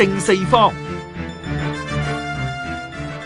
正四方。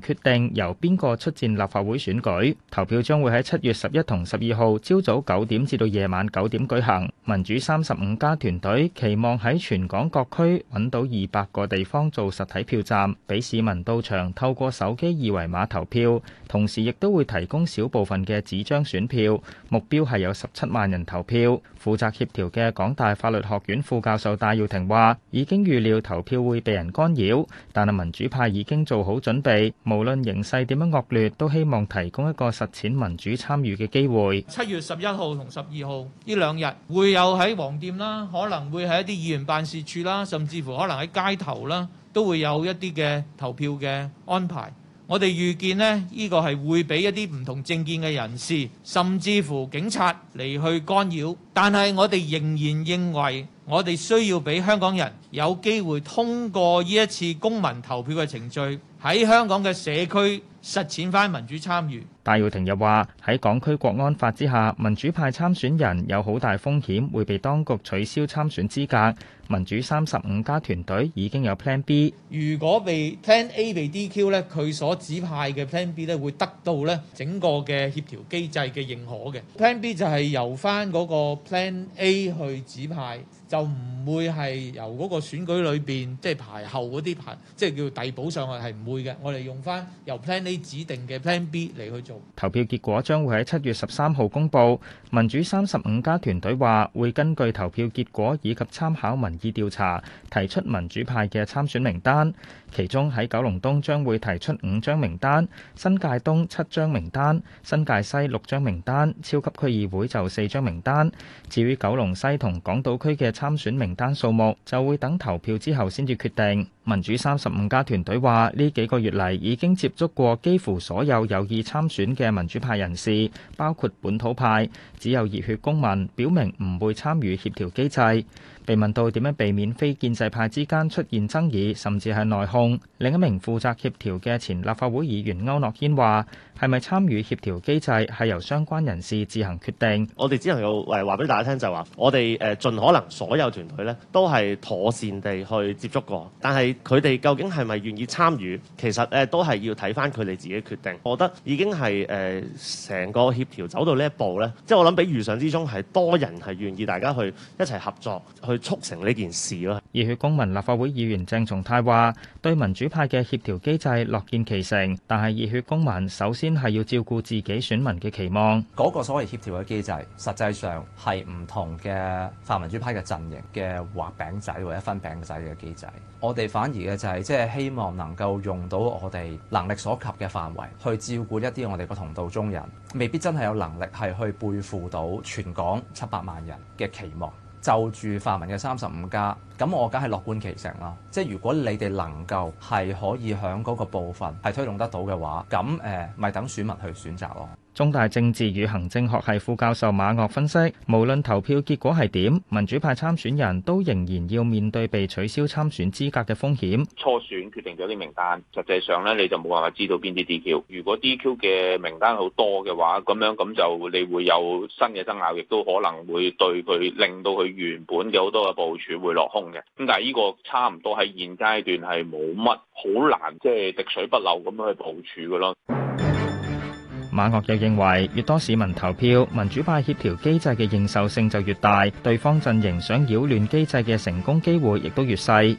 決定由邊個出戰立法會選舉。投票將會喺七月十一同十二號朝早九點至到夜晚九點舉行，民主三十五家團隊期望喺全港各區揾到二百個地方做實體票站，俾市民到場透過手機二維碼投票，同時亦都會提供少部分嘅紙張選票。目標係有十七萬人投票。負責協調嘅港大法律學院副教授戴耀廷話，已經預料投票會被人干擾，但係民主派已經做好準備。無論形勢點樣惡劣，都希望提供一個實踐民主參與嘅機會。七月十一號同十二號呢兩日會有喺黃店啦，可能會喺一啲議員辦事處啦，甚至乎可能喺街頭啦，都會有一啲嘅投票嘅安排。我哋預見呢，呢個係會俾一啲唔同政見嘅人士，甚至乎警察嚟去干擾。但係我哋仍然認為，我哋需要俾香港人有機會通過呢一次公民投票嘅程序，喺香港嘅社區實踐翻民主參與。戴耀廷又話：喺港區國安法之下，民主派參選人有好大風險會被當局取消參選資格。民主三十五加團隊已經有 Plan B。如果被 Plan A 被 DQ 咧，佢所指派嘅 Plan B 咧會得到咧整個嘅協調機制嘅認可嘅。Plan B 就係由翻、那、嗰個。plan A 去指派就唔會係由嗰個選舉裏邊即係排後嗰啲排即係、就是、叫遞補上去係唔會嘅。我哋用翻由 plan A 指定嘅 plan B 嚟去做。投票結果將會喺七月十三號公布，民主三十五家團隊話會根據投票結果以及參考民意調查提出民主派嘅參選名單，其中喺九龍東將會提出五張名單，新界東七張名單，新界西六張名單，超級區議會就四張名單。至於九龍西同港島區嘅參選名單數目，就會等投票之後先至決定。民主三十五家團隊話：呢幾個月嚟已經接觸過幾乎所有有意參選嘅民主派人士，包括本土派，只有熱血公民表明唔會參與協調機制。被問到點樣避免非建制派之間出現爭議，甚至係內訌，另一名負責協調嘅前立法會議員區諾軒話：係咪參與協調機制係由相關人士自行決定？我哋只能夠誒話俾大家聽，就係話我哋誒盡可能所有團隊咧都係妥善地去接觸過，但係，佢哋究竟係咪願意參與，其實誒、呃、都係要睇翻佢哋自己決定。我覺得已經係誒成個協調走到呢一步咧，即係我諗比預想之中係多人係願意大家去一齊合作去促成呢件事咯。熱血公民立法會議員鄭松泰話，對民主派嘅協調機制樂見其成，但係熱血公民首先係要照顧自己選民嘅期望。嗰個所謂協調嘅機制，實際上係唔同嘅泛民主派嘅陣營嘅畫餅仔或者分餅仔嘅機制。我哋反而嘅就係即係希望能夠用到我哋能力所及嘅範圍，去照顧一啲我哋個同道中人，未必真係有能力係去背負到全港七百萬人嘅期望。就住泛民嘅三十五加，咁我梗係樂觀其成啦。即係如果你哋能夠係可以喺嗰個部分係推動得到嘅話，咁誒咪等選民去選擇咯。中大政治與行政學系副教授馬岳分析，無論投票結果係點，民主派參選人都仍然要面對被取消參選資格嘅風險。初選決定咗啲名單，實際上咧你就冇辦法知道邊啲 DQ。如果 DQ 嘅名單好多嘅話，咁樣咁就你會有新嘅爭拗，亦都可能會對佢令到佢原本嘅好多嘅部署會落空嘅。咁但係呢個差唔多喺現階段係冇乜好難，即係滴水不漏咁樣去部署嘅咯。馬岳又認為，越多市民投票，民主派協調機制嘅認受性就越大，對方陣營想擾亂機制嘅成功機會亦都越細。